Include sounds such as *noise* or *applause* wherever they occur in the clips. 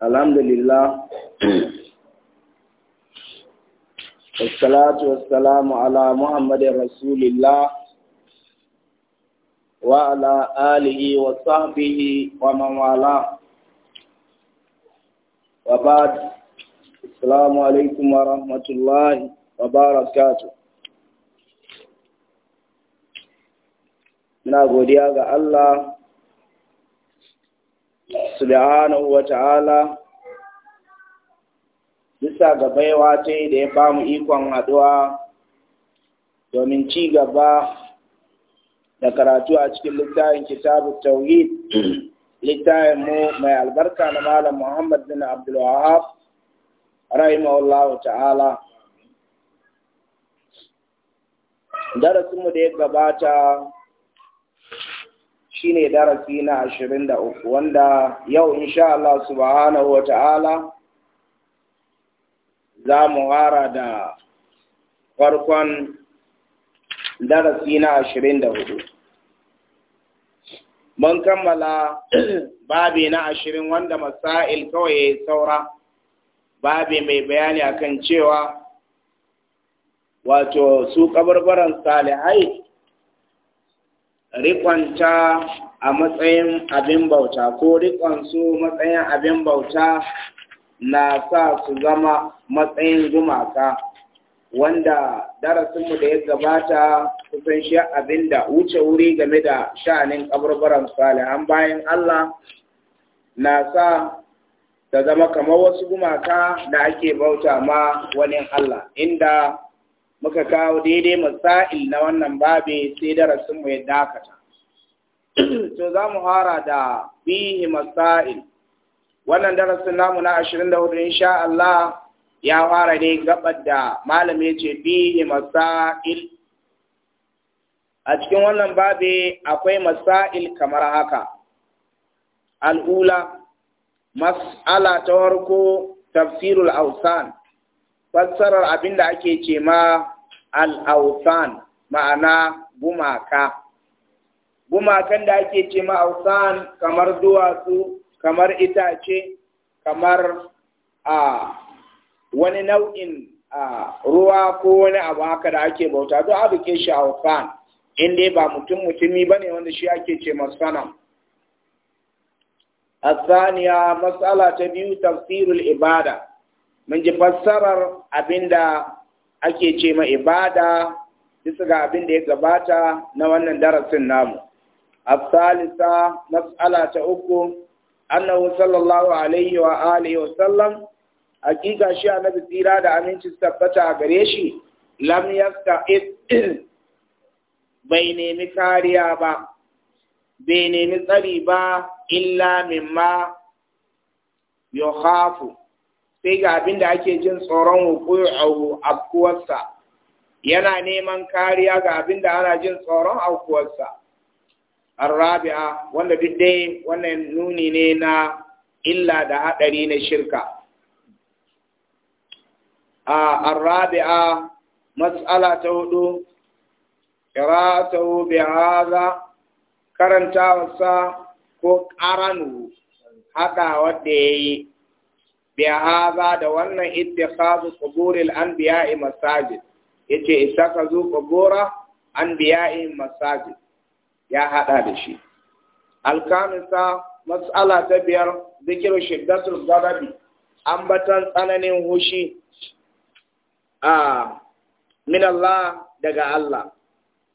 alhamdulillah wassalatu wassalamu ala muhammadin rasulillah wa ala alihi wa sahbihi wa wa ba'd assalamu alaikum wa rahmatullahi wa barakatuh muna godiya ga Allah subhanahu wa ta'ala bisa ga baiwa ce da ya bamu ikon haɗuwa domin ci gaba da karatu a cikin littafin kitabu tauhid *clears throat* littafin mu mai albarka na malam muhammad bin abdul wahab rahimahullahu ta'ala darasinmu da ya gabata shine darasi na ashirin da uku wanda yau insha Allah subhanahu wa ta'ala za mu hara da farkon darasi na ashirin da hudu. Mun kammala *clears throat* babi na ashirin wanda masail kawai ya yi saura, babi mai bayani akan cewa wato su kabarbaran salihai rikonta a matsayin abin bauta ko rikonsu matsayin abin bauta na sa su zama matsayin gumaka wanda darasinmu da ya gabata kusan shi abin da wuce wuri game da sha'anin ƙabarbaran salihan bayan Allah na sa ta zama kamar wasu gumaka da ake bauta ma wani Allah inda muka kawo daidai masail na wannan babe sai darasin mu ya dakata *clears throat* to za mu fara da bihi masail wannan darasin namu na 24 insha Allah ya fara dai gabar da malami ya ce bihi masail a cikin wannan babe akwai masail kamar haka al'ula mas'ala ta farko tafsirul ausan fassarar abin da ake ce ma al'autan ma'ana gumaka gumakan da ake ce ma autan kamar duwatsu kamar itace kamar a wani nau'in ruwa ko wani abu haka da ake bauta duk abu ke shi autan inda ba mutum mutumi bane wanda shi ake ce masanam matsala ta biyu تفسير ibada. mun ji fassarar abinda ake ce ma ibada bisa ga abin da ya gabata na wannan darasin namu asalisa mas'ala ta uku annahu sallallahu alaihi wa alihi wa sallam hakika shi annabi tsira da amincin tabbata a gare shi lam yasta'id bai nemi kariya ba bai nemi tsari ba illa mimma yohafu. sai ga abin da ake jin tsoron hukuyu a yana neman kariya ga abin da ana jin tsoron an arrabi'a wanda duk dai wannan nuni ne na illa da haɗari na shirka A arrabi'a matsala ta hudu ta hube haza wasa, ko ƙaranu haɗa wadda ya yi bi hadha da wannan ittikhadu quburil anbiya'i masajid yace ittakhadhu qubura anbiya'i masajid ya hada da shi alkamisa mas'ala ta biyar zikiru shiddatul ghadabi ambatan tsananin hushi a min Allah daga Allah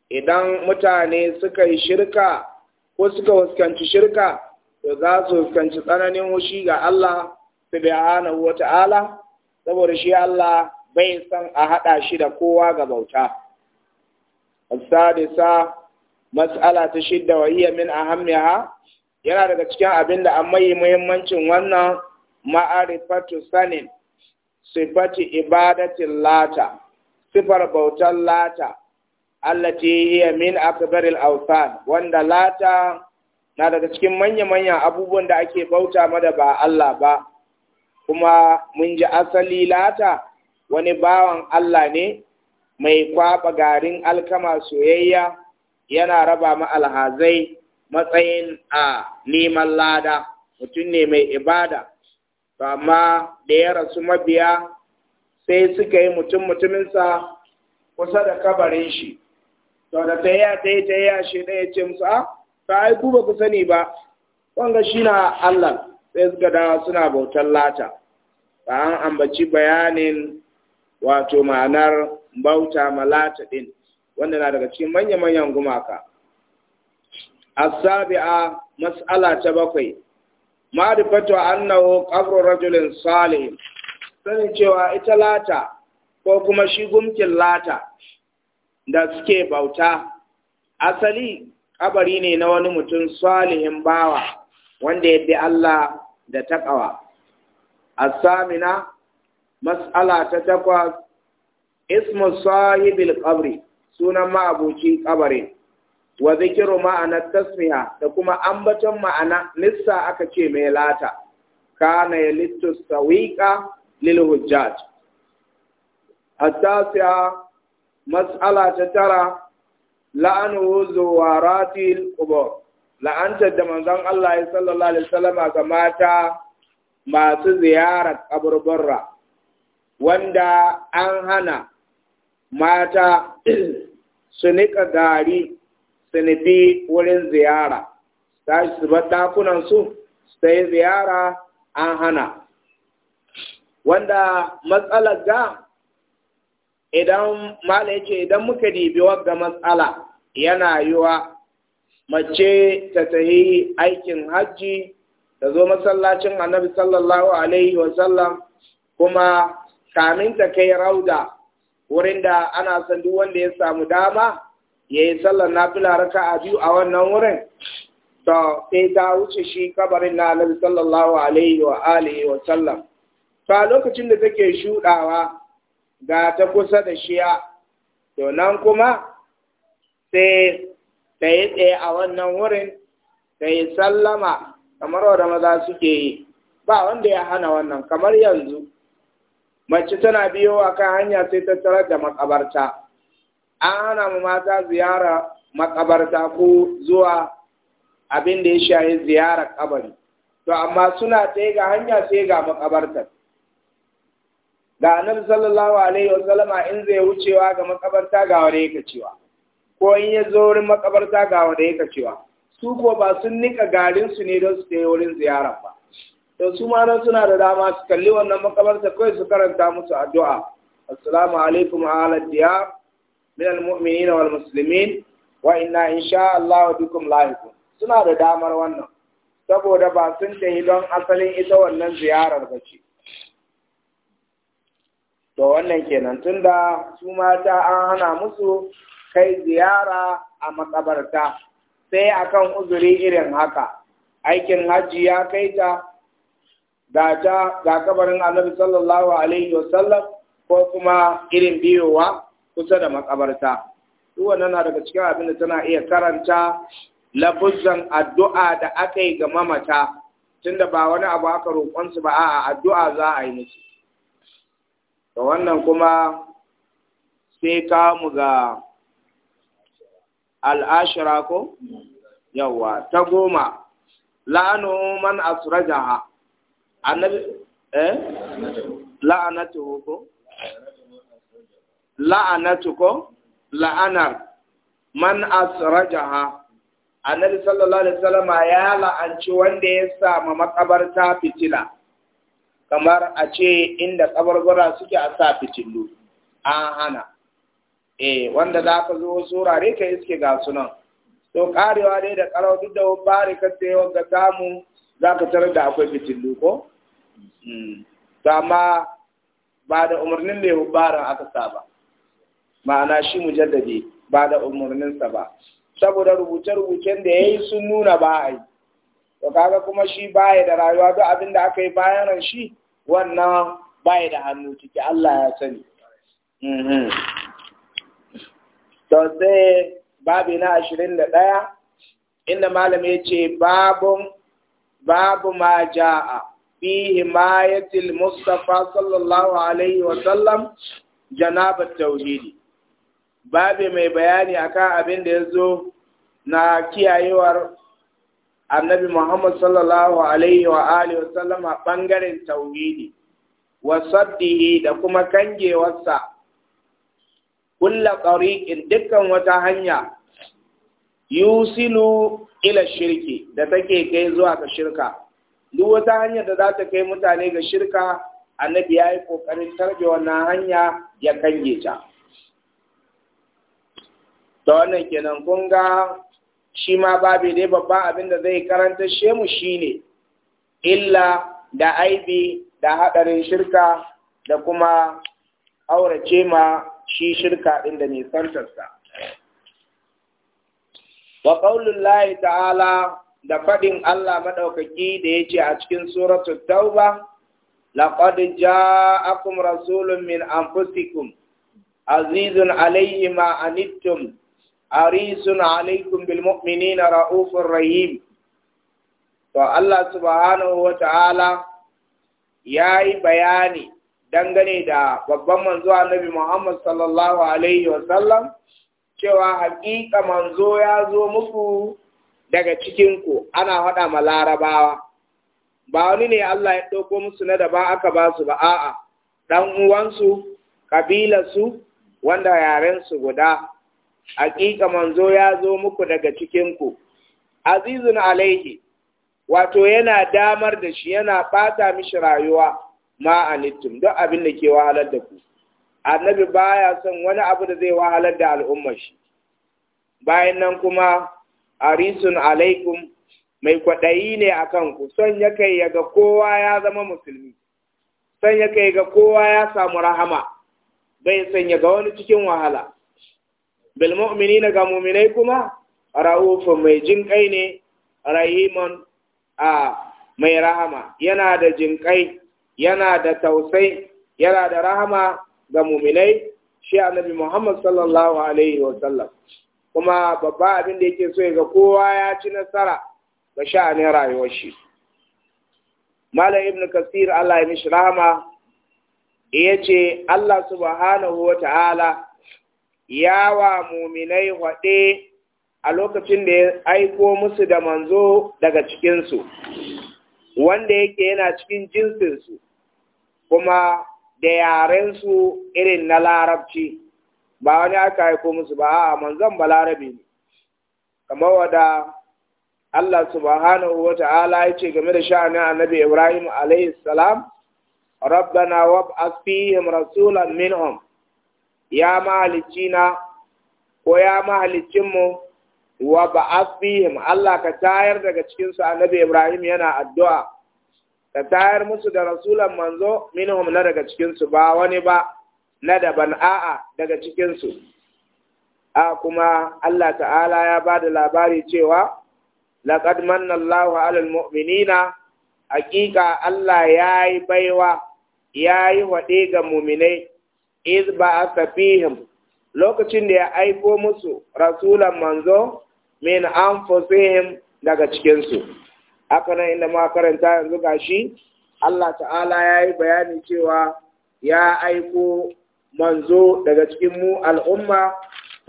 idan mutane suka yi shirka ko suka fuskanci shirka to za su fuskanci tsananin hushi ga Allah subhanahu wa ta'ala saboda shi Allah bai san a haɗa shi da kowa ga bauta sadisa mas'ala ta shidda wa hiya min ahammiha yana daga cikin abin da an muhimmancin wannan ma'arifatu sanin sifati ibadatin lata sifar bautar lata allati hiya min akbaril awsan wanda lata na daga cikin manya-manyan abubuwan da ake bauta ma da ba Allah ba kuma mun ji asali lata wani bawan Allah ne mai kwaɓa garin alkama soyayya yana raba ma alhazai matsayin a neman lada mutum ne mai ibada amma da ya rasu mabiya sai suka yi mutum mutuminsa kusa da kabarin shi to da ta yi ta yi ta yi shi ɗaya ce musu a ah, ta aiku ba ku sani ba wanga shi na Allah sai suka suna bautar lata ba an ambaci bayanin wato ma'anar bauta malata ɗin, wanda na daga cikin manya-manyan gumaka A asabi'a mas'ala ta bakwai ma'rifatu annahu ƙafro rajulin salihin, sanin cewa ita lata ko kuma shi gumkin lata da suke bauta asali ƙabari ne na wani mutum salihin bawa wanda ya bi Allah da ƙawa. asamina samina mas'ala ta takwas ismu sahibil qabri sunan ma'abuci ƙabarin, wa zikiru ma'ana tasmiya da kuma ambaton ma'ana lissa aka ce mai lata kana ya littus lil hujjaj atasiya mas'ala ta tara la'anu zuwaratil qubur la'antar da manzon Allah ya sallallahu alaihi wasallama ga mata masu ziyarar kaburburra wanda an hana mata *clears throat* su niƙa gari su nufi wurin ziyara ta su bar ɗakunansu su yi ziyara an hana wanda matsalar ga idan mala ce idan muka dibi wagga matsala yana yiwa mace ta tayi aikin hajji ta zo masallacin annabi sallallahu alaihi wasallam kuma kamin ta kai rauda wurin da ana son duk wanda ya samu dama ya yi sallar nafila raka a biyu a wannan wurin to sai ta wuce shi kabarin na annabi sallallahu alaihi wa alihi wa sallam to lokacin da take shuɗawa, ga ta kusa da shiya to nan kuma sai ta yi tsaye a wannan wurin ta yi sallama kamar wadda maza suke yi ba wanda ya hana wannan kamar yanzu mace tana biyo a kan hanya sai ta tarar da makabarta an hana mu mata ziyara makabarta ko zuwa abin da ya shahi ziyara kabari to amma suna tsaye ga hanya sai ga makabartar ga annabi sallallahu alaihi wa sallama in zai wucewa ga makabarta ga wani yake cewa ko in ya zo wurin makabarta ga wanda yake cewa su ko ba sun nika garin su ne don su kai wurin ziyara ba to su ma nan suna da dama su kalli wannan makabarta kai su karanta musu addu'a assalamu alaikum ala diya min almu'minin wal muslimin wa inna insha Allah bikum lahiqun suna da damar wannan saboda ba sun tafi don asalin ita wannan ziyarar ba ce to wannan kenan tunda su mata an hana musu kai ziyara a makabarta sai akan uzuri irin haka aikin hajji ya kai ta ga ga kabarin annabi sallallahu alaihi wasallam ko kuma irin biyowa kusa da makabarta duk wannan na daga cikin abin da tana iya karanta lafuzan addu'a da aka yi ga mamata tunda ba wani abu aka roƙon su ba a'a addu'a za a yi musu to wannan kuma sai ka mu ga al'ashira ko yawa ta goma la'anu man ha annabi eh la'anatu ko la'anatu ko la'anar man ha annabi sallallahu alaihi wasallam ya la'anci wanda ya sama makabarta fitila kamar a ce inda gura suke a sa fitilu an hana eh wanda za ka zo wasu wurare ka iske ga sunan to karewa dai da karau duk da bari ka sai wanga samu za ka tarar da akwai fitillu ko hmm. to amma ba da umarnin mai hubbaran aka saba ma'ana shi mujaddadi ba da umarninsa ba saboda rubuce-rubucen da ya yi sun nuna ba a yi to kaga kuma shi baya da rayuwa duk abin da aka yi bayanan shi wannan baya da hannu ciki Allah ya sani hmm, hmm. to sai babi na ashirin da ɗaya inda malam ya ce babun babu ma ja'a fi himayatil mustapha sallallahu alaihi wa sallam janabar tauhidi babi mai bayani akan abin da ya zo na kiyayewar annabi Muhammad sallallahu alaihi wa alihi wasallam a ɓangaren tauhidi wa saddihi da kuma kangewarsa kulla tsariƙin dukkan wata hanya yusilu ila shirki da take kai zuwa ga shirka duk wata hanya da za ta kai mutane ga shirka annabi ya yi ƙoƙarin tarbe wannan hanya ya kange ta da wannan kenan kun ga shi ma babu dai babban abin da zai karanta shemu ne illa da aibi da haɗarin shirka da kuma aurace ma shi shirka ɗin da nisantarsa. Wa ƙaunin ta'ala da faɗin Allah maɗaukaki da ya ce a cikin suratu tauba, laƙad ja'akum rasulun min anfusikum azizun alayhi ma anittum harisun alaikum bil mu'minina ra'ufur rahim to Allah subhanahu wa ta'ala yayi bayani dangane da babban manzo annabi Muhammad sallallahu alaihi wasallam cewa hakika manzo ya zo muku daga cikinku ana haɗa ma larabawa ba wani ne Allah ya ɗauko musu na ba aka ba su ba a'a ɗan uwansu kabilarsu wanda yarensu guda hakika manzo ya zo muku daga cikinku azizun alaihi wato yana damar da shi yana ɓata mishi rayuwa ma anittum duk abin da ke wahalar da ku annabi baya son wani abu da zai wahalar da al'ummar shi bayan nan kuma arisun alaikum mai kwaɗayi ne a ku son ya kai ga kowa ya zama musulmi son ya kai ga kowa ya samu rahama bai son ya ga wani cikin wahala bil mu'minina ga mu'minai kuma ra'ufun mai jin kai ne rahiman a mai rahama yana da jin kai yana da tausai yana da rahama ga muminai shi annabi Muhammad sallallahu alaihi wa sallam kuma babba abin da yake so ya ga kowa ya ci nasara ga sha'anin rayuwar shi Malam Ibn Kasir Allah ya mishi rahama ya ce Allah subhanahu wa ta'ala ya wa muminai haɗe a lokacin da ya aiko musu da manzo daga cikinsu, wanda yake yana cikin jinsinsu, kuma da yarensu irin na larabci ba wani aka haiko musu ba a manzon balarabi ne kamar wada Allah subhanahu wa ta'ala ya ce game da sha'anin annabi Ibrahim alayhi salam rabbana wab'ath fihim rasulan minhum ya mahalicina ko ya mahalicinmu mu wab'ath fihim Allah ka tayar daga cikin su annabi Ibrahim yana addu'a Da tayar musu da rasulan manzo minhum na daga cikinsu ba wani ba na daban a'a daga cikinsu a kuma Allah ta'ala ya ba da labari cewa laqad manna Allahu 'alal mu'minina hakika Allah yayi baiwa yayi yi ga muminai iz ba fihim lokacin da ya aiko musu rasulan manzo min anfusihim daga cikinsu. haka nan inda ma karanta yanzu gashi Allah ta'ala ya yi bayani cewa ya aiko manzo daga cikin mu al'umma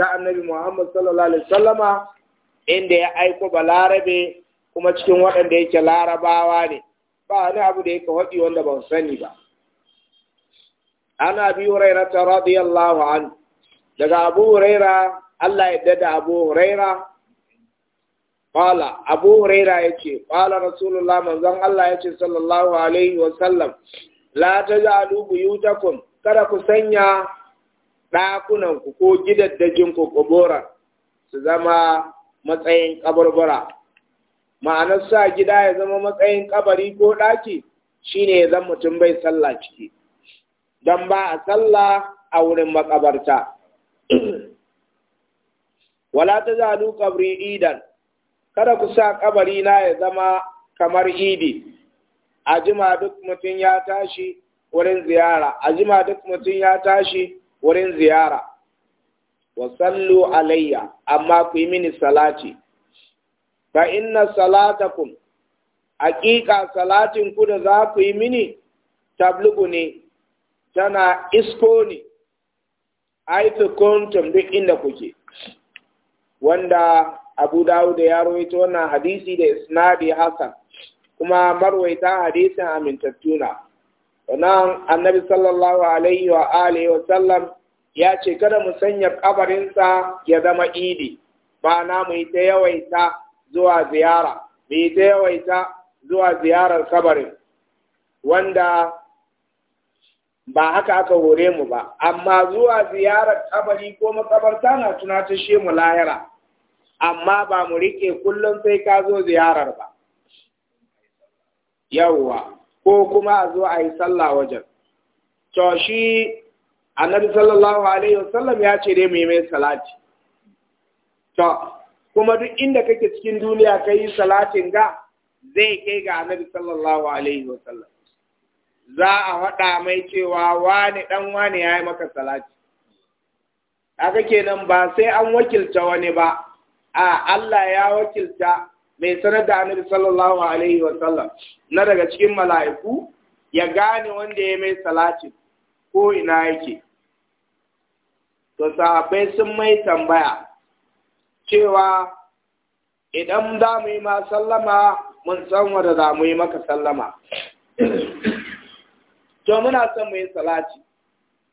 ta annabi Muhammad sallallahu alaihi wasallama inda ya aiko balarabe kuma cikin waɗanda yake larabawa ne ba wani abu da yake waɗi wanda ban sani ba ana bi ta radiyallahu an daga abu huraira Allah ya da abu huraira Ƙwala, Abu Huraira ya ce, Ƙwala Rasulullah manzon Allah ya ce, Sallallahu Alaihi Wasallam, La ta za buyutakum kada ku sanya ɗakunanku ko gidaddajinku kubura su zama matsayin ƙabarbura. Ma'anar sa gida ya zama matsayin ƙabari ko ɗaki shine ya zan mutum bai sallah ciki, don ba a sallah a wurin makabarta. *clears throat* Wala ta zalu kabri idan, kada ku sa kabari na ya zama kamar idi a jima duk mutum ya tashi wurin ziyara a jima duk mutum ya tashi wurin ziyara wa sallu alayya amma ku yi mini salati fa inna salatakum haƙiƙa salatin ku da za ku yi mini tablugu ne tana isko ne aitu kuntum duk inda kuke wanda abu dawud ya rawaito wannan hadisi da isnadi hasan kuma marwaita hadisin amintattuna wannan annabi sallallahu alaihi wa alihi wa sallam ya ce kada mu sanya kabarinsa ya zama idi ma'ana mu ita ta yawaita zuwa ziyara mu ta yawaita zuwa ziyarar kabarin wanda ba haka aka hore mu ba amma zuwa ziyarar kabari ko makabarta na tunatashe mu lahira amma ba mu riƙe kullum sai ka zo ziyarar ba yawwa ko kuma a zo a yi sallah wajen to shi annabi sallallahu alaihi wasallam ya ce dai mu yi mai salati to kuma duk inda kake cikin duniya ka yi salatin ga zai kai ga annabi sallallahu alaihi wasallam za a faɗa mai cewa wani ɗan wani ya yi maka salati haka kenan ba sai an wakilta wani ba a Allah ya wakilta mai sanar da annabi sallallahu alaihi wa sallam na daga cikin mala'iku ya gane wanda ya mai salatin ko ina yake to sahabbai sun mai tambaya cewa idan za mu yi ma sallama mun san wanda za mu yi maka sallama to muna son mu yi salati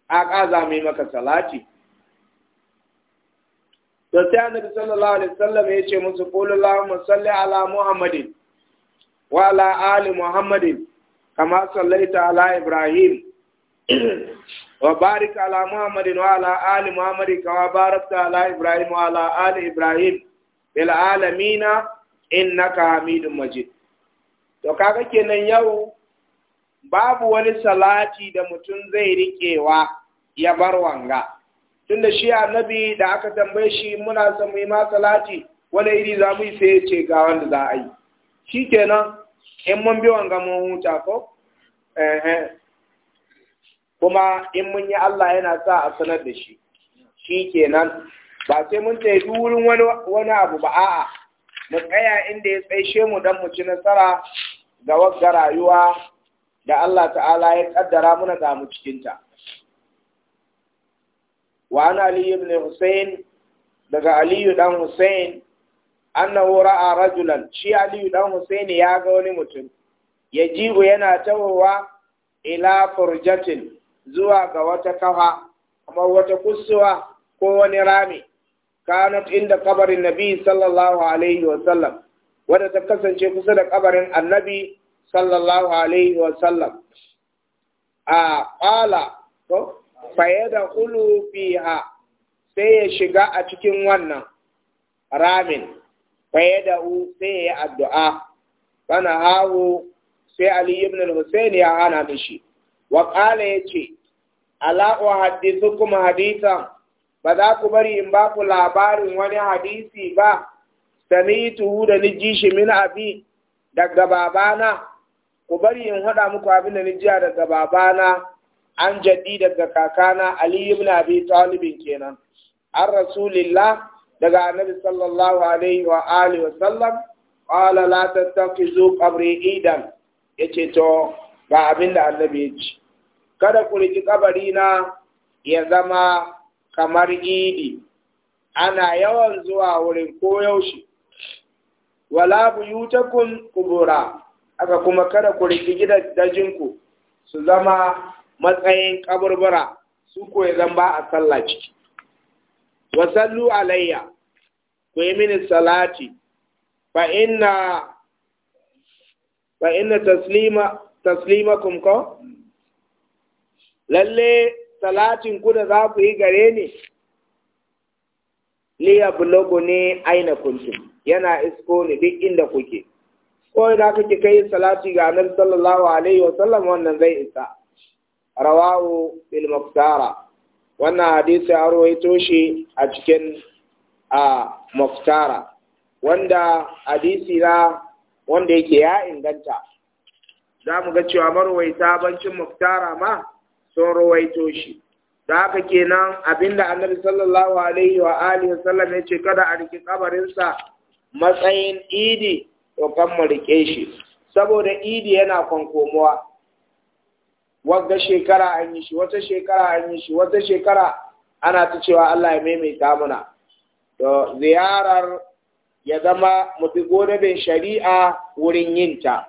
a ƙaza mu yi maka salati da sai annabi sallallahu alaihi wasallam ya ce musu qulu allahumma salli ala muhammadin wa ala ali muhammadin kama sallaita ala ibrahim wa barik ala muhammadin wa ala ali muhammadin kama barakta ala ibrahim wa ala ali ibrahim bil alamina innaka hamidum majid to kaga kenan yau babu wani salati da mutum zai riƙewa ya bar wanga tunda shi annabi da aka tambaye shi muna son mu yi ma salati wani iri za mu yi sai ce ga wanda za a yi shi kenan in mun bi wanga mun huta ko kuma in mun yi Allah yana sa a sanar da shi shi kenan ba sai mun tsaye wurin wani abu ba a'a mu tsaya inda ya tsaishe mu dan mu ci nasara ga wagga rayuwa da Allah ta'ala ya kaddara muna ga mu cikinta. wa علي بن حسين husayn daga aliyu dan husayn annahu ra'a rajulan shi aliyu dan husayn ya ga wani mutum yajibu yana tawowa ila furjatin zuwa ga wata kafa Amma wata kusuwa ko wani rami kanat inda kabarin nabi sallallahu alaihi wa sallam wadda ta kasance kusa da kabarin annabi sallallahu alaihi wa sallam a ƙala ko fayyada hulu fiha sai ya shiga a cikin wannan ramin fayyada u sai ya addu'a bana hawo sai Ali ibn al-Husayn ya hana mishi wa qala yace ala uhaddithukum hadithan ba za ku bari in ba ku labarin wani hadisi ba sami'tuhu da niji shi min abi daga babana ku bari in hada muku abin da nijiya daga babana an jaddi daga kakana Ali ibn Abi Talib kenan an rasulillah daga annabi sallallahu alaihi wa alihi wa sallam qala la tattakizu qabri idan yace to ga abin da annabi ya kada ku riki kabari na ya zama kamar idi ana yawan zuwa wurin koyaushe wala buyutakum kubura aka kuma kada ku riki gidajenku su zama matsayin kaburbura su koyi zan ba a sallah ciki wa sallu alayya ku yi mini salati fa inna fa inna taslima taslimakum ko lalle salatin ku da za ku yi gare ni ya bulogo ne aina kuntum yana isko ne duk inda kuke ko da kake kai salati ga annabi sallallahu alaihi wa sallam wannan zai isa rawahu bil muftara wannan hadisi a rawaito shi a cikin a muftara wanda hadisi na wanda yake ya inganta za mu ga cewa marwaita bancin muftara ma sun rawaito shi da haka kenan abinda annabi sallallahu alaihi wa alihi wa sallam ya ce kada a riki kabarinsa matsayin idi to kan mu rike shi saboda idi yana kwankomowa wadda shekara an yi shi wata shekara an yi shi wata shekara ana ta cewa Allah ya maimaita muna to ziyarar ya zama mu fi bin shari'a wurin yinta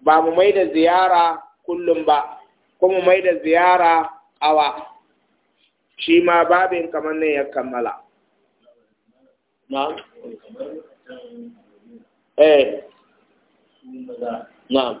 ba mu mai da ziyara kullum ba mu mai da ziyara awa shi ma babin kamar ne ya kammala na'am eh na'am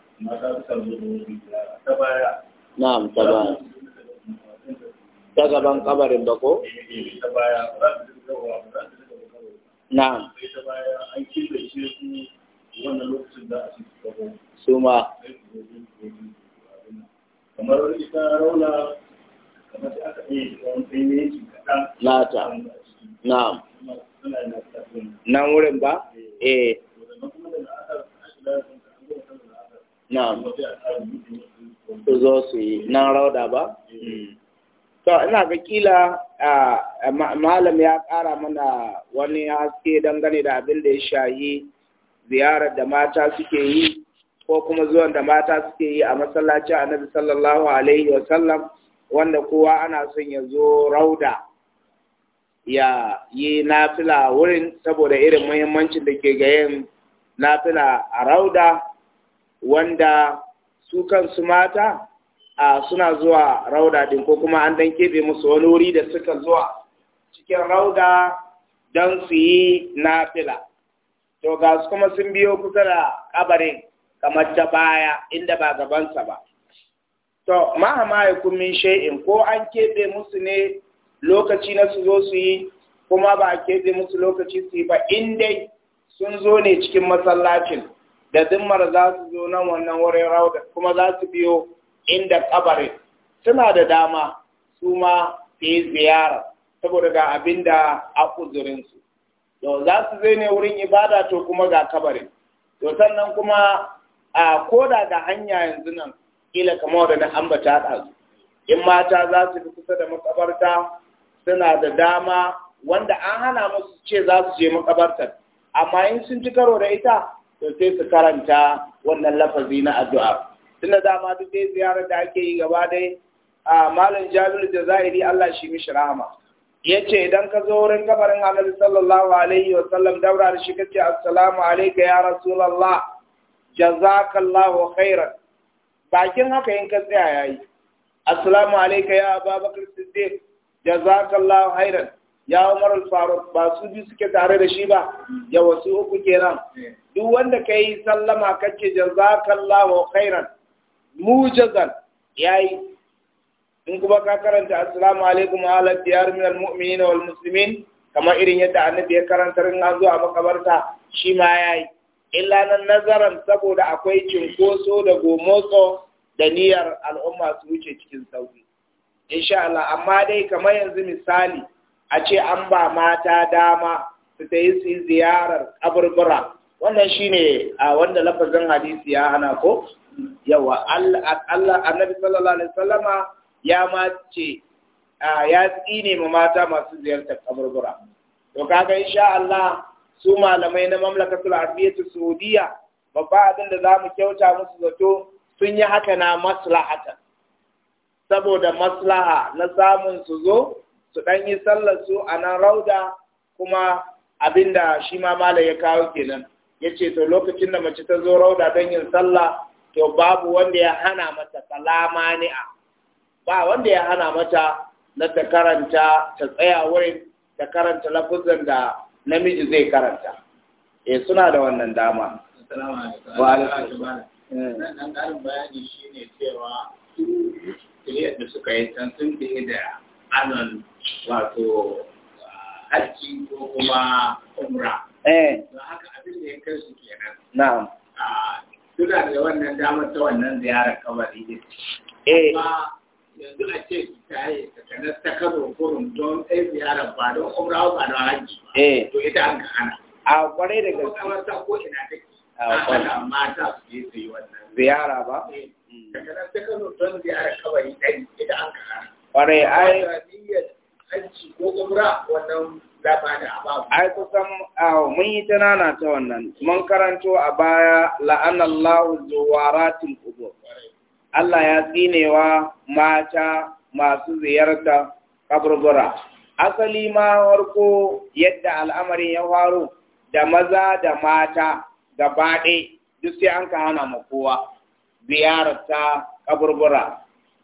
na'am ta baya ta kabarin bako, na'am suma, kamar na'am nan wurin ba eh, eh. zo su yi nan rauda ba to ina ga kila malam ya ƙara mana wani haske dangane da abin da ya shayi ziyarar da mata suke yi ko kuma zuwan da mata suke yi a masallacin annabi sallallahu alaihi wasallam wanda kowa ana son ya zo rauda ya yi nafila wurin saboda irin muhimmancin da ke ga yin nafila a rauda wanda su kansu mata suna zuwa rauda din ko kuma an dan kebe musu wani wuri da suka zuwa cikin rauda don su yi na fila. to ga su kuma sun biyo kusa da kabarin kamar ta baya inda ba gabansa ba to mahama ya kummin ko an kebe musu ne lokaci na su zo su yi kuma ba a kebe musu lokaci su yi ba in sun zo ne cikin masallacin da dimmar za su zo nan wannan wurin rauda kuma za su biyo inda kabarin suna da dama su ma su yi ziyara saboda ga abin da a kuzurinsu yau za su zai ne wurin ibada to kuma ga kabarin to sannan kuma a koda ga hanya yanzu nan kila kama da na ambata su, in mata za su fi kusa da makabarta suna da dama wanda an hana musu ce za su je makabartar amma in sun ci karo da ita to sai su karanta wannan lafazi na addu'a tunda dama duk dai ziyarar da ake yi gaba dai a malam jabir da Allah shi mishi rahama yace idan ka zo wurin kabarin annabi sallallahu alaihi wa sallam daura da shi kace assalamu alayka ya rasulullah jazakallahu khairan bakin haka in ka tsaya yayi assalamu alayka ya ababakar siddiq jazakallahu khairan ya umar al-faruq ba su bi suke tare da shi ba ya wasu uku kenan duk wanda kai sallama kace jazakallahu khairan mujazan yayi in kuma ka karanta assalamu alaikum wa ala diyar min al mu'minina wal muslimin kamar irin yadda annabi ya karanta in azu a makabarta shi ma yayi illa nan nazaran saboda akwai cinkoso da gomotso da niyyar al'umma su wuce cikin sauki insha Allah amma dai kamar yanzu misali a ce an ba mata dama su ta yi yi ziyarar kaburbura wannan shine a wanda lafazin hadisi ya hana ko yawa Allah annabi sallallahu alaihi wasallama ya mace ya tsine ma mata masu ziyartar kaburbura to kaga insha Allah su malamai na mamlakatul arabiyyatu saudiya babba abin da zamu kyauta musu zato sun yi haka na maslahatan saboda maslaha na samun su zo su dan yi sallar su a nan rauda kuma abinda shi ma malam ya kawo kenan yace to lokacin da mace ta zo rauda don yin sallah to babu wanda ya hana mata kalamani'a ba wanda ya hana mata na ta karanta ta tsaya wurin ta karanta lafuzan da namiji zai karanta eh suna da wannan dama wa alaikum nan ƙarin bayani shine cewa kiliyar da suka yi can sun fi da anon wato ah, hajji ko kuma umra. Eh. Don haka abin da ya kai su kenan. Na'am. Ah, suna da wannan damar ta wannan ziyarar kabari ne. Eh. yanzu a ce taye takanar ta kano kurum don a ziyarar ba don umra ba don hajji ba. Eh. To ita an ka A kwarai da gaske. Kuma ta ko ina take. A kwarai. mata su yi su yi wannan. Ziyara ba? Eh. Takanar ta kano don ziyarar kabari ɗari ita an ka hana. Kwarai ai. ko umra wannan ai kusan mun yi ta nana ta wannan mun karanto a baya la'anallahu zuwaratin qubur Allah ya tsinewa mata masu ziyarta kaburbura asali ma warko yadda al'amarin ya faru da maza da mata gaba ɗaya duk sai an ka hana ma kowa ziyarta kaburbura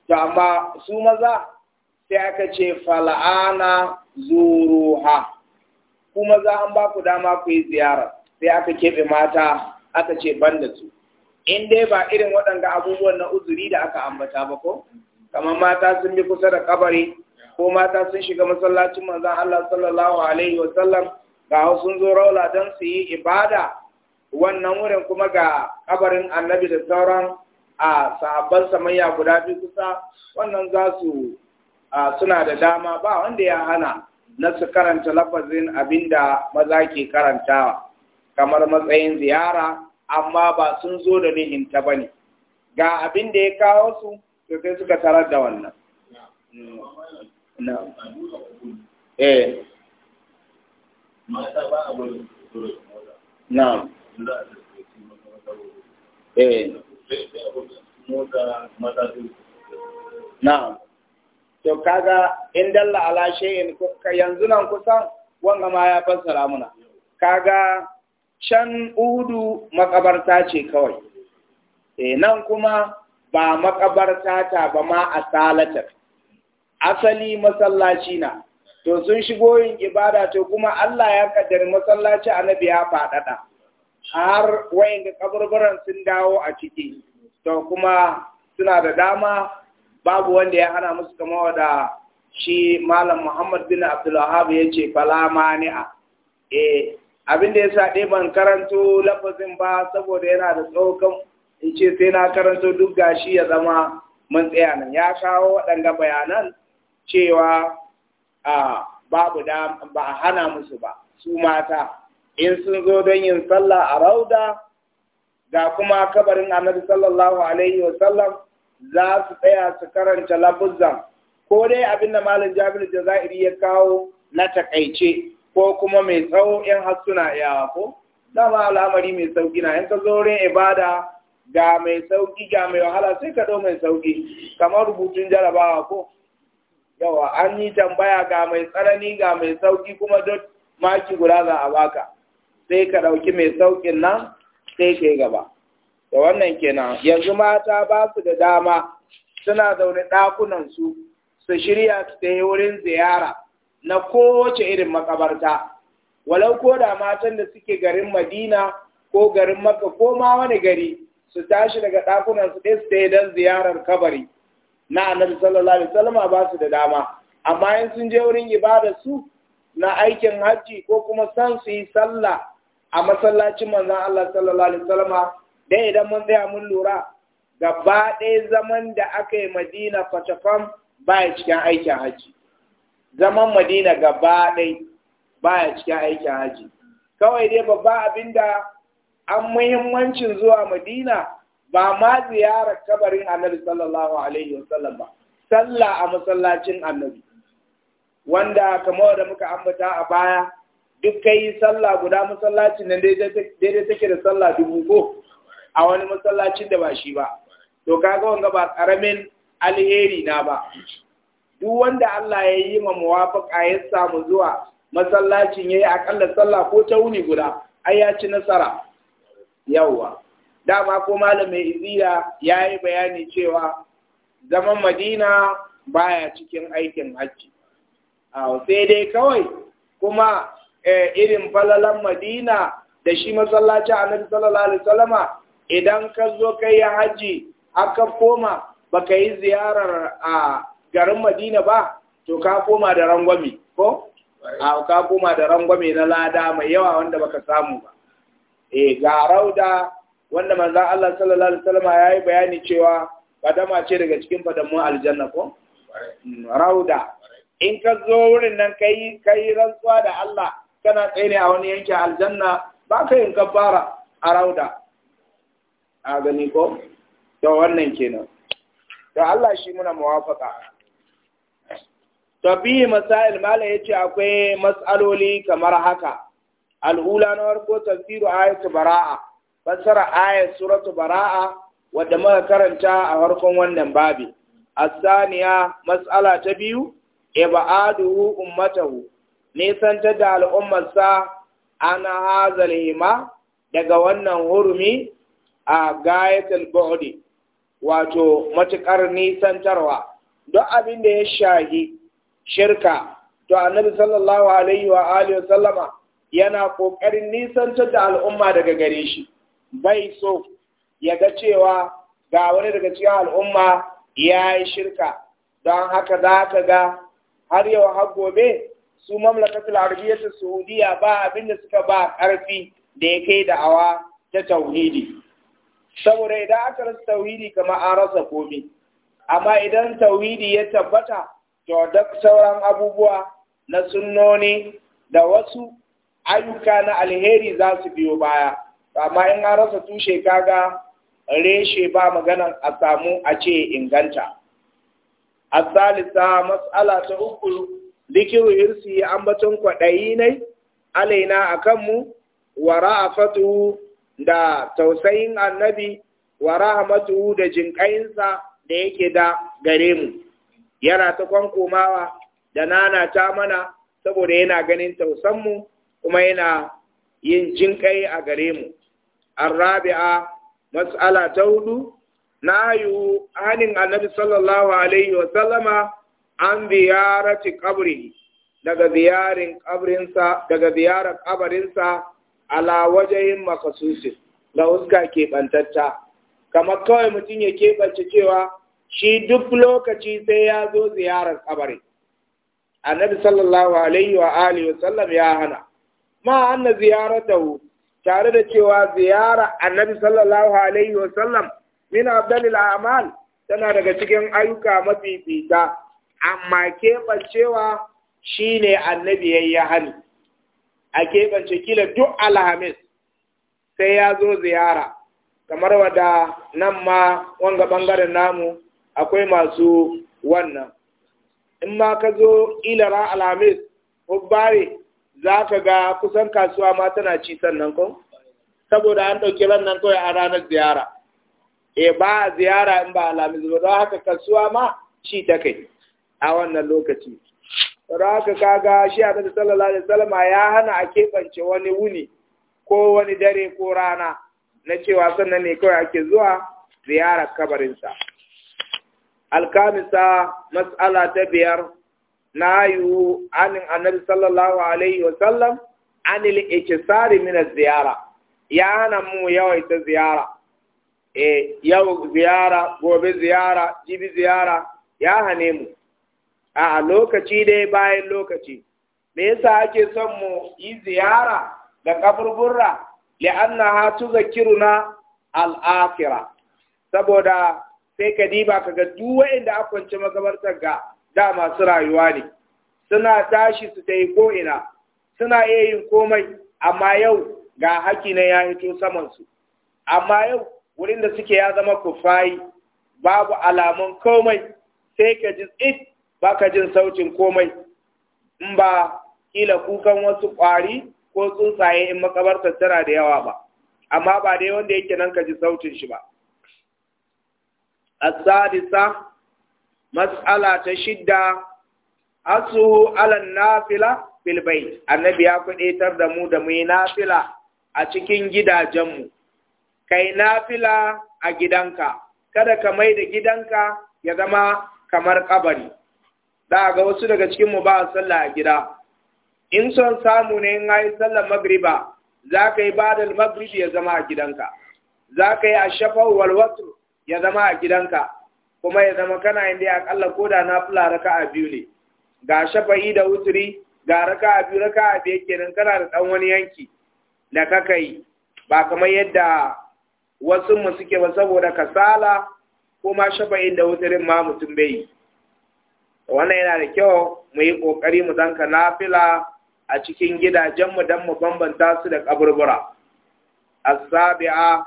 to amma su maza sai aka ce fal'ana zuruha kuma za an ba ku dama ku yi ziyara sai aka keɓe mata aka ce ban da su in dai ba irin waɗanda abubuwan na uzuri da aka ambata ba ko kamar mata sun bi kusa da kabari ko mata sun shiga masallacin manzon Allah sallallahu alaihi wa sallam ga sun zo raula don su yi ibada wannan wurin kuma ga kabarin annabi da sauran a sahabban samayya guda biyu kusa wannan za su suna da dama ba wanda ya hana na su karanta lafazin abinda maza ke karantawa kamar matsayin ziyara amma ba sun zo da nihinta ba ne ga abin da ya kawo su sai suka tarar da wannan na'am eh. to kaga in dalla ala shay'in yanzu nan kusan wanga ma ya fassara muna kaga can uhudu makabarta ce kawai e nan kuma ba makabarta ta ba ma asalata asali masallaci na to sun shigo yin ibada to kuma Allah ya kaddar masallaci annabi ya faɗaɗa har wayan da kaburburan sun dawo a ciki to kuma suna da dama babu wanda ya hana musu kama wada shi malam muhammad bin abdullahab ya ce fala mani'a eh abin da yasa dai ban karanto lafazin ba saboda yana da tsokan in ce sai na karanto duk gashi ya zama mun tsaya nan ya kawo waɗanga bayanan cewa a babu da ba a hana musu ba su mata in sun zo don yin sallah a rauda ga kuma kabarin annabi sallallahu alaihi wasallam za su tsaya su karanta labuzan. ko dai abin da malam Jabir Jazairi ya kawo na takaice ko kuma mai tsawo 'yan har suna iyawa ko dama al'amari mai sauki na yan ka zo ibada ga mai sauki ga mai wahala sai ka ɗau mai sauki kamar rubutun jarabawa ko yawa an yi tambaya ga mai tsanani ga mai sauki kuma duk maki guda za a baka sai ka ɗauki mai saukin nan sai ka yi gaba da wannan kenan yanzu mata ba su da dama suna zaune ɗakunan su su shirya su ta yi wurin ziyara na kowace irin makabarta walau ko da matan da suke garin madina ko garin maka ko ma wani gari su tashi daga ɗakunan su su ta yi don ziyarar kabari na annabi sallallahu alaihi wasallam ba su da dama amma in sun je wurin ibada su na aikin hajji ko kuma san su yi sallah a masallacin manzon Allah sallallahu alaihi wasallam dan idan mun tsaya mun lura gaba ɗaya zaman da aka yi madina kwatakwam baya cikin aikin haji zaman madina gaba ɗaya baya cikin aikin haji kawai dai babba abin da an muhimmancin zuwa madina ba ma ziyara kabarin annabi sallallahu alaihi wasallam ba sallah a masallacin annabi wanda kamar da muka ambata a baya duk kai sallah guda masallacin nan daidai take da sallah dubu a wani masallacin da ba shi ba to kaga wanga ba karamin alheri na ba duk wanda Allah ya yi ma muwafaka ya samu zuwa masallacin yayi akalla sallah ko ta wuni guda ai ya ci nasara yawwa dama ko malamin iziya yi bayani cewa zaman Madina baya cikin aikin hajji sai dai kawai kuma eh, irin falalan Madina da shi masallaci annabi sallallahu alaihi wasallama idan ka zo ka yi hajji aka koma ba ka yi ziyarar a garin madina ba to ka koma da Rangwami ko a ka koma da Rangwami na lada mai yawa wanda baka samu ba e ga rauda wanda manzan Allah sallallahu alaihi wasallam yi bayani cewa fadama ce daga cikin fadamun aljanna ko mm, rauda in ka zo wurin nan ka yi rantsuwa da Allah kana tsaye ne a wani yankin aljanna ba ka yin kafara a rauda a gani ko to wannan kenan to Allah shi muna muwafaka to masail mala yace akwai mas'aloli kamar haka al'ula na farko tafsiru ayatu bara'a basara ayat suratu bara'a wadda muka karanta a farkon wannan babi asaniya mas'ala ta biyu ibaaduhu ummatahu nisanta da al'ummar sa ana hazalima daga wannan hurumi a gayatul bu'di wato matukar nisantarwa don abin da ya shahi shirka to annabi sallallahu alaihi wa alihi wa sallama yana kokarin nisantar da al'umma daga gare shi bai so ya ga cewa ga wani daga cikin al'umma ya yi shirka don haka za ka ga har yau har gobe su mamlakatul arabiyyatul saudiya ba abin da suka ba karfi da ya kai da'awa ta tauhidi saboda idan aka rasa tauhidi kama an rasa komi amma idan tauhidi ya tabbata to duk sauran abubuwa na sunnoni da wasu ayyuka na alheri za su biyo baya amma in an rasa tushe kaga reshe ba maganan a samu a ce inganta A asalisa matsala ta uku likiru hirsi ambaton kwaɗayi ne alaina a kanmu wara a fatu. da tausayin annabi wa rahmatu da jinƙayinsa da yake da gare mu yana ta kwankomawa da nana ta mana saboda yana ganin tausanmu kuma yana yin jinƙai a gare mu arrabi'a mas'ala ta hudu na yi hannun annabi sallallahu alaihi wa sallama an ziyarati kabri daga ziyarin kabrinsa daga ziyarar kabarinsa ala wajen makasusin da huska keɓantatta kamar kawai mutum ya keɓance cewa shi duk lokaci sai ya zo ziyarar kabari annabi sallallahu alaihi wa alihi wa sallam ya hana ma anna ziyaratahu tare da cewa ziyara annabi sallallahu alaihi wa sallam min abdalil a'mal tana daga cikin ayyuka mafi fita, amma keɓancewa shine annabi yayi hani a keɓance kila duk alhamis sai ya zo ziyara kamar wada nan ma wanga ɓangaren namu akwai masu wannan in ma ka zo ilara alhamis hubbare za ka ga kusan kasuwa ma tana ci sannan ko saboda an ɗauki ran nan kawai a ranar ziyara e ba ziyara in ba alhamis ba don haka kasuwa ma ci ta kai a wannan lokaci raka kaga shi a annabi sallallahu alaihi wasallam ya hana a keɓance wani wuni ko wani dare ko rana na cewa sannan ne kawai ake zuwa ziyarar kabarinsa alkamisa mas'ala ta biyar na yiwu anin annabi sallallahu alaihi wasallam anil ikisari min ziyara ya hana mu yawaita ziyara eh yau ziyara gobe ziyara jibi ziyara ya hane mu a lokaci dai bayan lokaci me yasa ake son mu yi ziyara da kaburburra li'annaha tuzakkiruna al-akhirah saboda sai ka diba kaga duk wa'inda aka kwance makabartar ga da masu rayuwa ne suna tashi su ta yi ko'ina suna iya yin komai amma yau ga haki na ya hito su amma yau wurin da suke ya zama kufai babu alamun komai sai ka ji it. baka jin sautin komai in ba kila kukan wasu ƙwari ko tsuntsaye in makabartar tana da yawa ba amma ba dai wanda yake nan ka ji sautin shi ba asadisa mas'ala ta shidda asu ala nafila fil bait annabi ya kudaitar da mu da mai nafila a cikin gidajenmu kai nafila a gidanka kada ka mai da gidanka ya zama kamar kabari da ga wasu daga cikin mu ba sallah a gida in son samu ne in yi sallar magriba za ka yi badal magrib ya zama a gidanka za ka yi a wal watr ya zama a gidanka kuma ya zama kana inda ya kalla koda na fula a biyu ne ga shafa'i da wuturi ga a biyu a biyu kenan kana da dan wani yanki da kaka yi ba kamar yadda wasu mu suke ba saboda kasala ko ma shafa'in da wuturin ma mutum bai yi wannan yana da kyau mu yi ƙoƙari mu zanka nafila a cikin gidajenmu don mu bambanta su da ƙaburbura A sabia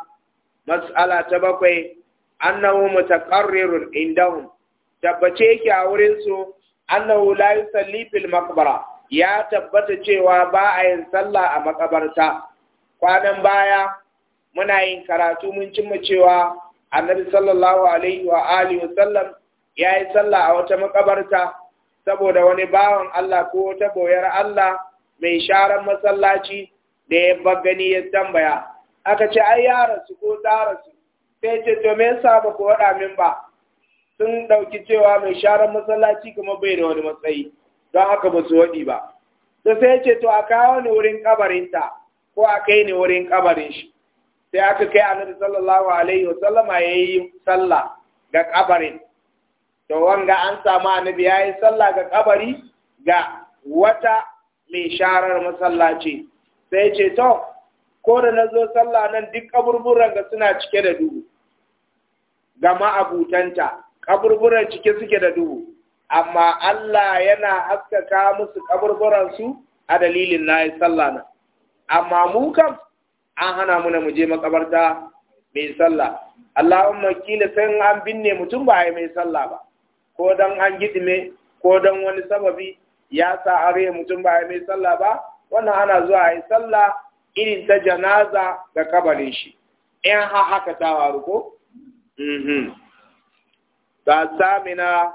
mas'ala ta bakwai annahu mutaqarrirun indahun. tabbace yake a wurin su annahu la yusalli fil makabara, ya tabbata cewa ba a yin sallah a makabarta kwanan baya muna yin karatu mun cimma cewa annabi sallallahu alaihi wa alihi wa sallam ya yi sallah a wata makabarta saboda wani bawan Allah ko wata boyar Allah mai sharan masallaci da ya bagani ya tambaya aka ce ai ya rasu ko ta rasu sai ce to me yasa ba ku wada min ba sun ɗauki cewa mai sharan masallaci kuma bai da wani matsayi don haka ba su wadi ba to sai ce to a kawo ni wurin kabarinta ko a kai ni wurin kabarin shi sai aka kai annabi sallallahu alaihi wasallama yayi sallah ga ƙabarin. to wanga an samu annabi yayi sallah ga kabari ga wata mai sharar masallaci sai ce to ko da na zo sallah nan duk kaburburan ga suna cike da duhu ga ma'abutanta kaburburan cike suke da duhu amma Allah yana haskaka musu kaburburan su a dalilin nayi sallah nan amma mu kam an hana mu na mu je makabarta mai sallah Allahumma kila sai an binne mutum ba yi mai sallah ba ko dan an gidime ko dan wani sababi ya sa are mutum ba mai sallah ba wannan ana zuwa a sallah irin ta janaza da kabarin shi in ha haka ta faru ko ta mhm. samina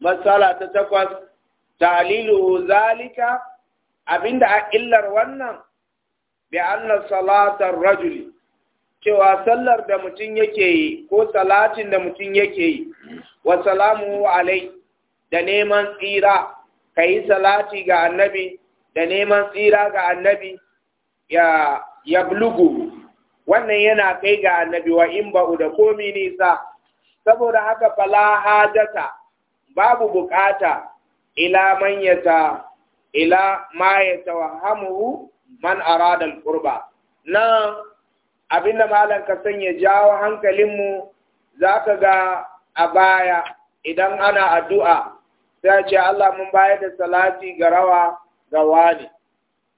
matsala ta takwas talilu zalika abinda a illar wannan bi anna salatar rajuli cewa sallar da mutum yake yi ko salatin da mutum yake yi Wasalamu alai da neman tsira ka yi salati ga annabi da neman tsira ga annabi ya ya blugu wannan yana kai ga annabi wa in ba'u da komi nisa saboda haka fala hajata babu bukata ila man yata ila ma hamu man arada alqurba na abinda malam ka sanya jawo hankalinmu zaka ga a baya idan ana addu'a sai ce Allah mun bayar da salati ga rawa ga wani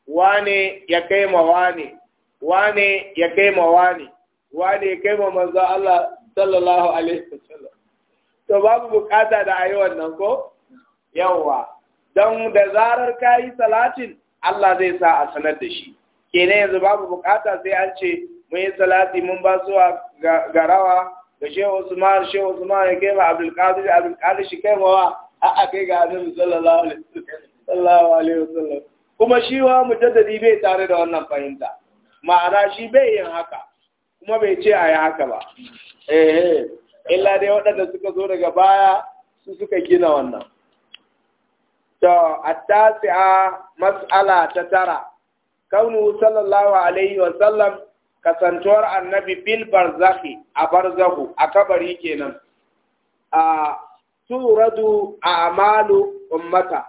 Wani ya kai ma Wani ya kai ma Wani ya kai ma manzo Allah sallallahu alaihi wasallam to babu bukata da ayi wannan ko Yawwa. don da zarar ka yi salatin Allah zai sa a sanar da shi kenan yanzu babu bukata sai an ce mun yi salati mun ba suwa ga rawa da shehu usman shehu usman ya kai ma abdul qadir abdul qadir shi kai ma a kai ga annabi sallallahu alaihi wasallam sallallahu kuma shi wa mujaddadi bai tare da wannan fahimta ma'ana shi bai yin haka kuma bai ce a yi haka ba eh, eh. illa dai waɗanda suka zo daga baya su suka gina wannan to attasi'a mas'ala ta tara kaunu sallallahu alaihi wasallam kasantuwar annabi bil barzahi a barzahu a kabari kenan a turadu a amalu ummata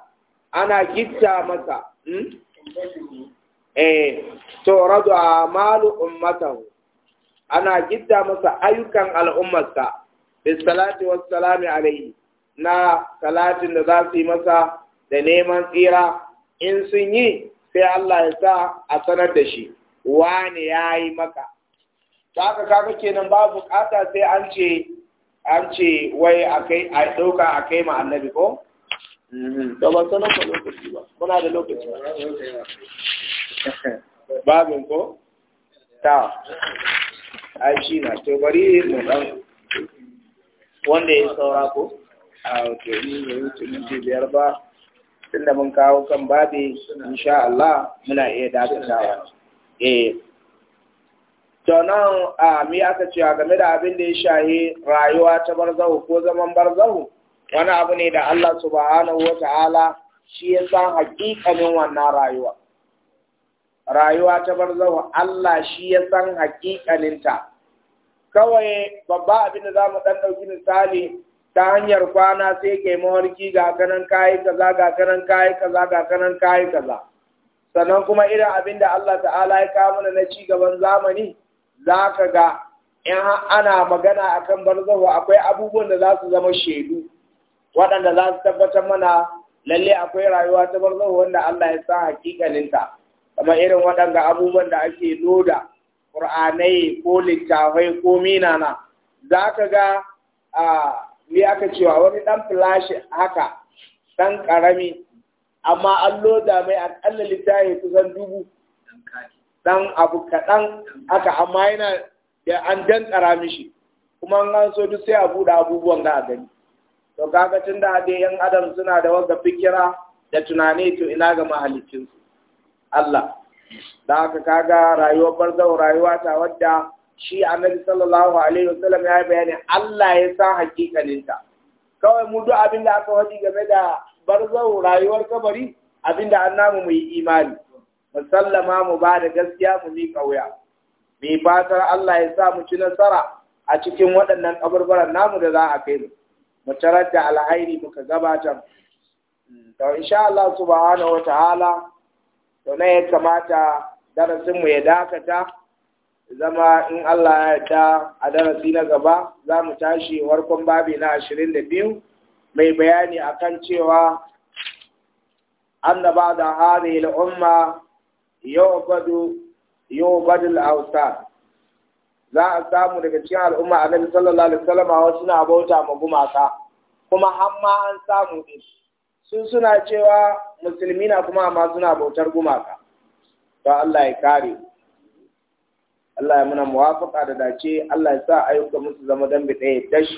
ana gitta masa hmm? eh turadu a amalu ummata ana gitta masa ayyukan al'ummarsa bis salati was salami alayhi na salatin da za su yi masa da neman tsira in sun yi sai Allah ya sa a sanar da shi wane ya yi maka ta haka kaga kenan ba bukata sai an ce an ce wai akai a dauka akai ma annabi ko mhm. to ba sanar ko lokaci ba kuna da lokaci ba. babin ko ta ai shi na to bari mu dan wanda ya saura ko a to ni ne mutum ce biyar ba tunda mun kawo kan babi insha Allah muna iya dakatawa eh nan a mi aka ce game da abin da ya shahi rayuwa ta barzahu ko zaman barzahu wani abu ne da Allah subhanahu wa ta'ala shi ya san hakikanin wannan rayuwa rayuwa ta barzahu Allah shi ya san hakikaninta kawai babba abin da za mu ɗan ɗauki misali ta hanyar kwana sai ke mawarki ga kanan kayi kaza ga kanan kayi kaza ga kanan kayi kaza sannan kuma irin abin da Allah ta'ala ya kawo mana na ci gaban zamani za ka ga in ana magana akan barzahu akwai abubuwan da za su zama shaidu waɗanda za su tabbatar mana lalle akwai rayuwa ta barzahu wanda Allah ya sa hakikaninta kamar irin waɗanda abubuwan da ake loda ƙur'anai ko littafai ko minana za ka ga a aka cewa wani ɗan flashi haka ɗan ƙarami amma an loda mai akalla littafi kusan dubu dan abu kaɗan aka amma yana da an dantsara mishi kuma an so duk sai a buɗe abubuwan ga a gani to kaga tun da dai yan adam suna da wanga fikira da tunani to ina ga mahalicinsu Allah da aka kaga rayuwar barzau rayuwa ta wadda shi annabi sallallahu alaihi wasallam ya bayani Allah ya san hakikaninta kawai mu duk abin da aka wadi game da Bar zau, rayuwar kabari abinda an namu mu yi imani musallama mu ba da gaskiya mu ni kauya mai fatar Allah ya sa mu ci nasara a cikin waɗannan kaburbaran namu da za a kai mu mu tarar da alhairi muka gabatar to insha Allah subhanahu wataala to ne ya kamata darasin mu ya dakata zama in Allah ya yarda a darasi na gaba za mu tashi warkon babi na 22 mai bayani akan cewa ba da hadhihi da umma yau yu'badu al-awthan za a samu daga cikin al'umma a nan sallallahu alaihi wasallam wasu na bauta ma gumaka kuma har ma an samu din sun suna cewa musulmi na kuma amma suna bautar gumaka to Allah ya kare Allah ya muna muwafaka da dace Allah ya sa ayyuka musu zama dambe ɗaya dashi